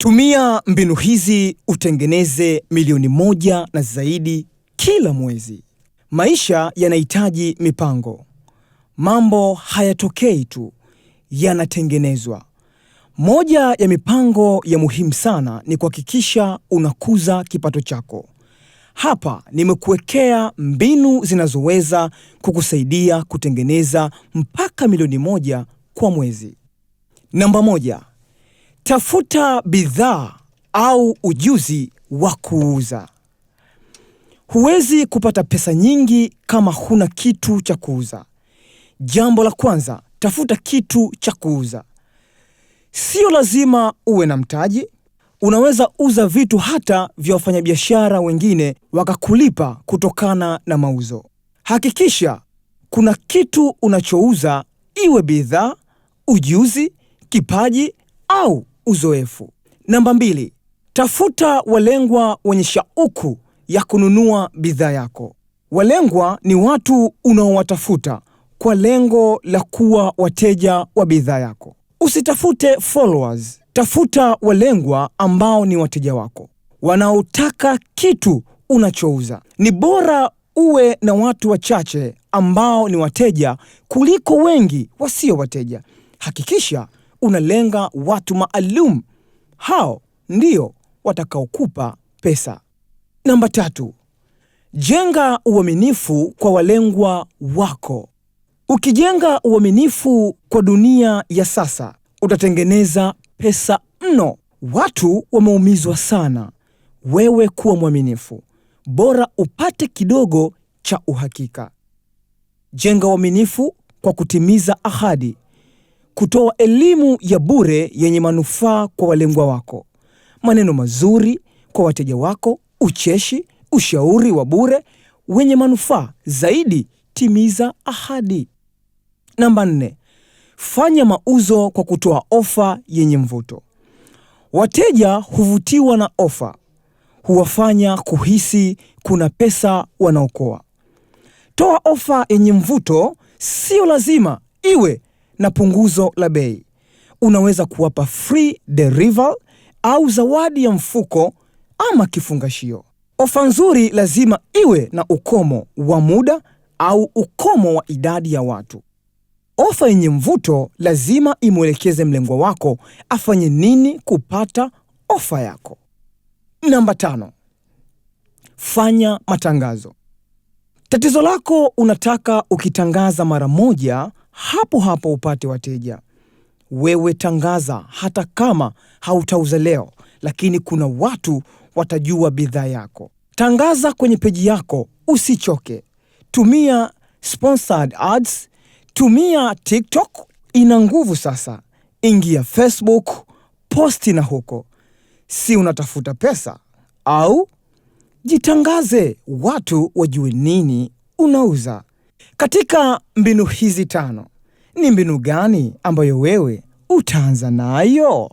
Tumia mbinu hizi utengeneze milioni moja na zaidi kila mwezi. Maisha yanahitaji mipango. Mambo hayatokei tu, yanatengenezwa. Moja ya mipango ya muhimu sana ni kuhakikisha unakuza kipato chako. Hapa nimekuwekea mbinu zinazoweza kukusaidia kutengeneza mpaka milioni moja kwa mwezi. Namba moja: Tafuta bidhaa au ujuzi wa kuuza. Huwezi kupata pesa nyingi kama huna kitu cha kuuza. Jambo la kwanza, tafuta kitu cha kuuza. Sio lazima uwe na mtaji. Unaweza uza vitu hata vya wafanyabiashara wengine wakakulipa kutokana na mauzo. Hakikisha kuna kitu unachouza, iwe bidhaa, ujuzi, kipaji au uzoefu. Namba mbili, tafuta walengwa wenye shauku ya kununua bidhaa yako. Walengwa ni watu unaowatafuta kwa lengo la kuwa wateja wa bidhaa yako. Usitafute followers, tafuta walengwa ambao ni wateja wako wanaotaka kitu unachouza. Ni bora uwe na watu wachache ambao ni wateja kuliko wengi wasio wateja. Hakikisha unalenga watu maalum. Hao ndio watakaokupa pesa. Namba tatu, jenga uaminifu kwa walengwa wako. Ukijenga uaminifu kwa dunia ya sasa, utatengeneza pesa mno. Watu wameumizwa sana. Wewe kuwa mwaminifu, bora upate kidogo cha uhakika. Jenga uaminifu kwa kutimiza ahadi kutoa elimu ya bure yenye manufaa kwa walengwa wako, maneno mazuri kwa wateja wako, ucheshi, ushauri wa bure wenye manufaa zaidi. Timiza ahadi. Namba nne, fanya mauzo kwa kutoa ofa yenye mvuto. Wateja huvutiwa na ofa, huwafanya kuhisi kuna pesa wanaokoa. Toa ofa yenye mvuto, sio lazima iwe na punguzo la bei. Unaweza kuwapa free delivery au zawadi ya mfuko ama kifungashio. Ofa nzuri lazima iwe na ukomo wa muda au ukomo wa idadi ya watu. Ofa yenye mvuto lazima imwelekeze mlengwa wako afanye nini kupata ofa yako. Namba tano, fanya matangazo. Tatizo lako unataka ukitangaza mara moja hapo hapo upate wateja. Wewe tangaza, hata kama hautauza leo, lakini kuna watu watajua bidhaa yako. Tangaza kwenye peji yako, usichoke. Tumia sponsored ads, tumia TikTok, ina nguvu sasa. Ingia Facebook, posti na huko. Si unatafuta pesa au? Jitangaze, watu wajue nini unauza. Katika mbinu hizi tano, ni mbinu gani ambayo wewe utaanza nayo?